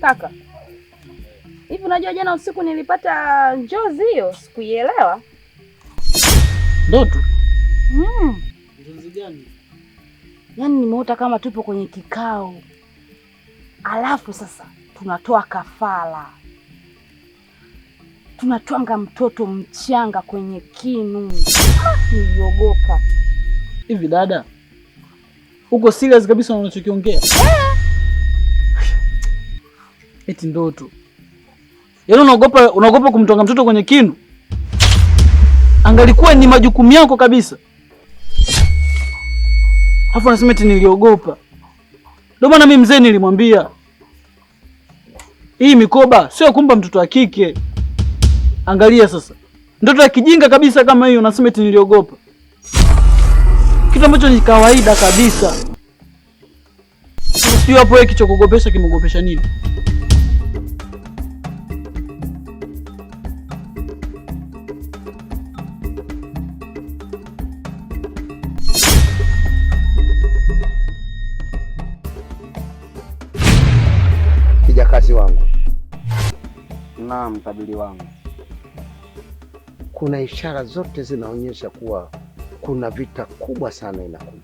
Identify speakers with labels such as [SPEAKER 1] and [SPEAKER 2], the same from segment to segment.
[SPEAKER 1] Kaka hivi, unajua jana usiku nilipata njozi, hiyo sikuielewa. Ndoto mm.
[SPEAKER 2] Njozi gani?
[SPEAKER 1] Yaani nimeota kama tupo kwenye kikao, alafu sasa tunatoa kafara, tunatwanga mtoto mchanga kwenye kinu. Niliogopa.
[SPEAKER 2] Hivi dada, uko serious kabisa na unachokiongea? Eh! eti ndoto. Yaani unaogopa unaogopa kumtonga mtoto kwenye kinu? Angalikuwa ni majukumu yako kabisa. Alafu nasema eti niliogopa. Ndio maana mimi mzee nilimwambia hii mikoba sio kumpa mtoto wa kike. Angalia sasa, ndoto ya kijinga kabisa kama hiyo, nasema eti niliogopa, kitu ambacho ni kawaida kabisa. Sio hapo, yeye kichokugopesha kimogopesha nini?
[SPEAKER 3] Naam, mtabiri wangu,
[SPEAKER 4] kuna ishara zote zinaonyesha kuwa kuna vita kubwa sana inakuja.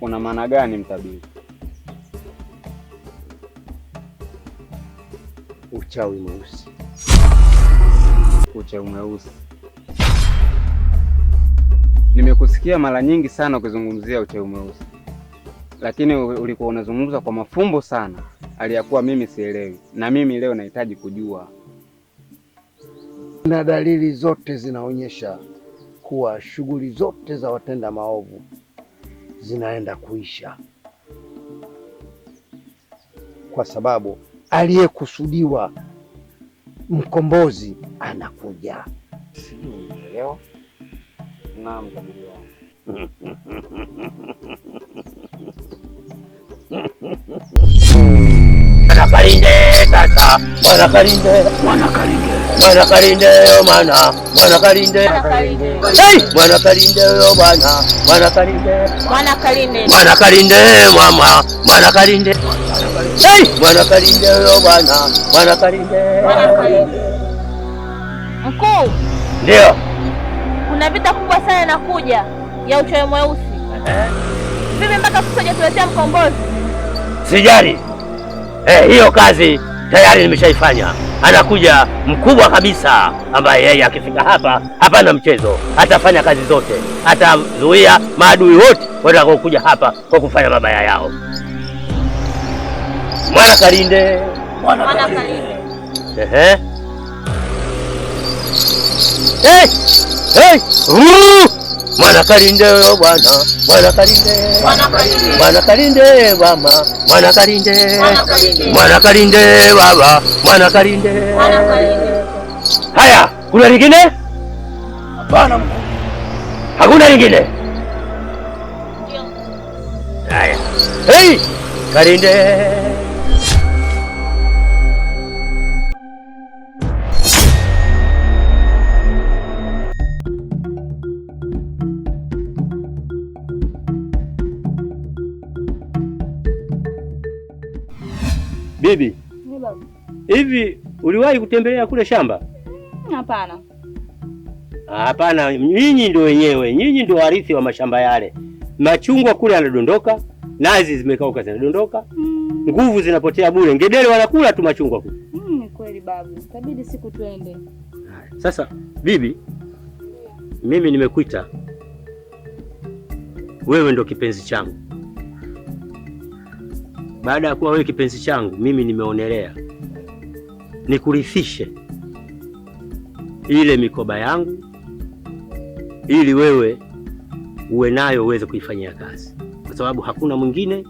[SPEAKER 3] Una maana gani mtabiri?
[SPEAKER 4] Uchawi mweusi.
[SPEAKER 3] Uchawi mweusi, nimekusikia mara nyingi sana ukizungumzia uchawi mweusi lakini ulikuwa unazungumza kwa mafumbo sana, aliyakuwa mimi sielewi, na mimi leo nahitaji kujua.
[SPEAKER 4] Na dalili zote zinaonyesha kuwa shughuli zote za watenda maovu zinaenda kuisha, kwa sababu aliyekusudiwa mkombozi anakuja.
[SPEAKER 3] Sijui leo. Naam, Mwana Kalinde tata, Mwana Kalinde, Mwana Kalinde, Kalinde yo mana, Mwana Kalinde,
[SPEAKER 1] Hey, Mwana Kalinde yo bana, Mwana Kalinde, Kalinde, Kalinde mama, Mwana Kalinde, Hey, Mwana Kalinde yo bana, Kalinde, Kalinde. Mkuu. Ndio. Kuna vita kubwa sana inakuja ya uchoe mweusi. Eh. Vipi mpaka sasa hujatuletea mkombozi?
[SPEAKER 2] sijali. Eh, hiyo kazi tayari nimeshaifanya. Anakuja mkubwa kabisa ambaye yeye akifika hapa hapana mchezo, atafanya kazi zote, atazuia maadui wote watakaokuja hapa kwa kufanya mabaya yao. Mwana Kalinde, mwana Kalinde, ehe. Hey! Hey! Mwana kalinde yo bwana, mwana kalinde, mwana kalinde mama, mwana kalinde, mwana kalinde baba, mwana kalinde. Haya, kuna lingine?
[SPEAKER 5] Hapana mkuu.
[SPEAKER 2] Hakuna lingine? Haya. Hey, kalinde. Bibi, hivi uliwahi kutembelea kule shamba? Mm, hapana. Hapana, nyinyi ndio wenyewe, nyinyi ndio warithi wa mashamba yale. Machungwa kule yanadondoka, nazi zimekauka zinadondoka, mm. nguvu zinapotea bure. Ngedere wanakula tu machungwa kule. Mm, kweli
[SPEAKER 1] babu, itabidi siku tuende.
[SPEAKER 2] Sasa bibi, mimi nimekuita wewe, ndo kipenzi changu baada ya kuwa wewe kipenzi changu mimi nimeonelea nikurithishe ile mikoba yangu ili wewe uwe nayo uweze kuifanyia kazi, kwa sababu hakuna mwingine,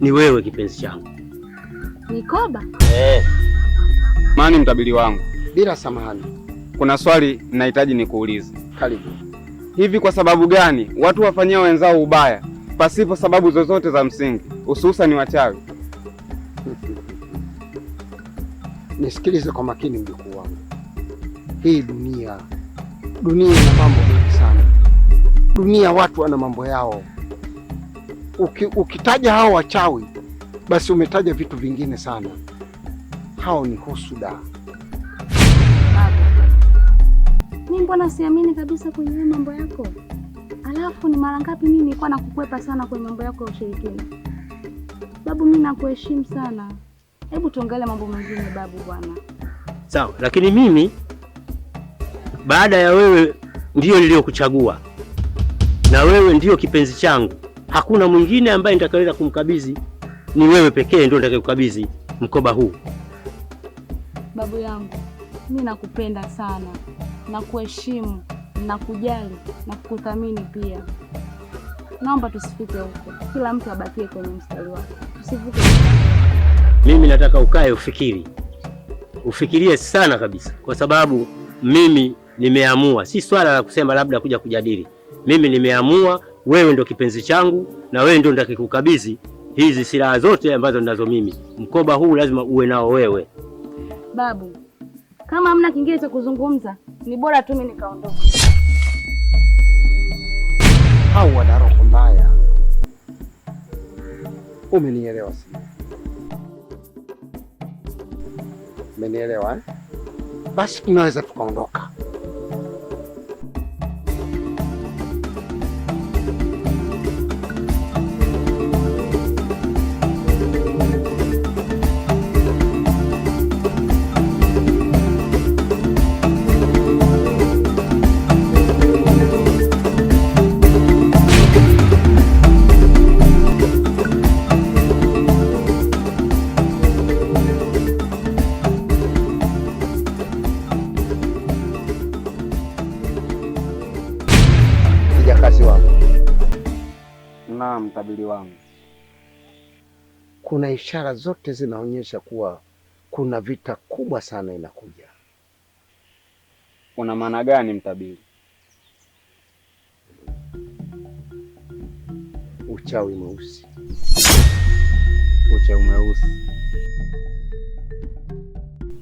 [SPEAKER 2] ni wewe kipenzi changu. Mikoba eh.
[SPEAKER 3] Mani mtabili wangu,
[SPEAKER 4] bila samahani,
[SPEAKER 3] kuna swali nahitaji nikuulize. Karibu. Hivi kwa sababu gani watu wafanyia wenzao ubaya pasipo sababu zozote za msingi, hususani wachawi
[SPEAKER 4] nisikilize kwa makini mjukuu wangu. Hii dunia, dunia ina mambo mengi sana. Dunia watu wana mambo yao. Uki, ukitaja hao wachawi basi umetaja vitu vingine sana. Hao ni husuda.
[SPEAKER 1] Mimi mbona siamini kabisa kwenye mambo yako? Alafu ni mara ngapi mimi nilikuwa nakukwepa sana kwenye mambo yako ya ushirikina? Sababu mimi nakuheshimu sana. Hebu tuongele mambo mengine babu bwana.
[SPEAKER 2] Sawa, lakini mimi baada ya wewe ndiyo niliyokuchagua na wewe ndiyo kipenzi changu. Hakuna mwingine ambaye nitakaweza kumkabidhi, ni wewe pekee ndio nitakayekukabidhi mkoba huu.
[SPEAKER 1] Babu yangu, mimi nakupenda sana, nakuheshimu, nakujali na kukuthamini pia. Naomba tusifike huko, kila mtu abakie kwenye mstari wake, tusivuke
[SPEAKER 2] mimi nataka ukae ufikiri, ufikirie sana kabisa, kwa sababu mimi nimeamua, si swala la kusema labda kuja kujadili. Mimi nimeamua, wewe ndo kipenzi changu na wewe ndo ndakikukabidhi hizi silaha zote ambazo ninazo mimi. Mkoba huu lazima uwe nao wewe.
[SPEAKER 1] Babu, kama hamna kingine cha kuzungumza, ni bora tu mimi nikaondoka.
[SPEAKER 4] Au wana roho mbaya, umenielewa sana. Umenielewa? Eh? Basi tunaweza tukaondoka.
[SPEAKER 3] Naam, mtabiri wangu,
[SPEAKER 4] kuna ishara zote zinaonyesha kuwa kuna vita kubwa sana inakuja.
[SPEAKER 3] Una maana gani mtabiri?
[SPEAKER 4] Uchawi mweusi,
[SPEAKER 3] uchawi mweusi.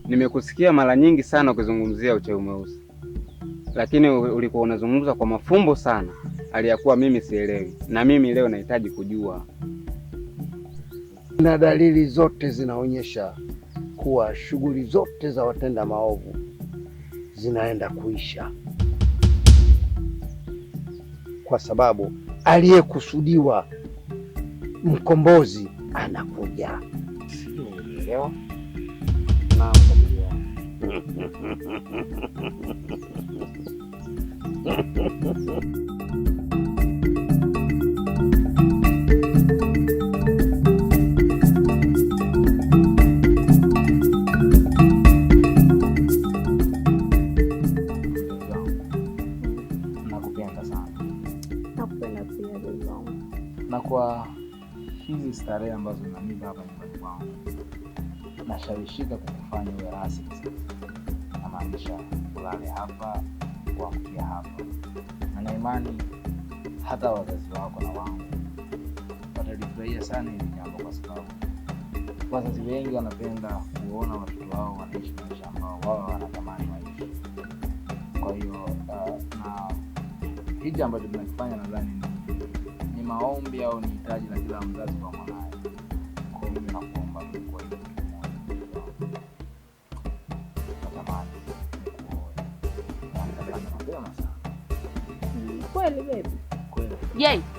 [SPEAKER 3] Nimekusikia mara nyingi sana ukizungumzia uchawi mweusi, lakini ulikuwa unazungumza kwa mafumbo sana aliyakuwa mimi sielewi, na mimi leo nahitaji kujua.
[SPEAKER 4] Na dalili zote zinaonyesha kuwa shughuli zote za watenda maovu zinaenda kuisha, kwa sababu aliyekusudiwa mkombozi anakuja.
[SPEAKER 3] Sielewa na sherehe ambazo mimi hapa nyumbani kwangu, nashawishika kukufanya uwe rasmi sasa. Namaanisha ulale hapa, kuamkia hapa, na naimani hata wazazi wako na wangu watalifurahia sana hili jambo, kwa sababu wazazi wengi wanapenda kuona watoto wao wanaishi maisha ambao wao wanatamani waishi. Kwa hiyo uh, na hiki ambacho tunakifanya nadhani ni maombi au ni hitaji la kila mzazi kwa mwanaye hivyo na kuomba kwa hiyo natamani kuoa
[SPEAKER 1] kweli
[SPEAKER 2] baby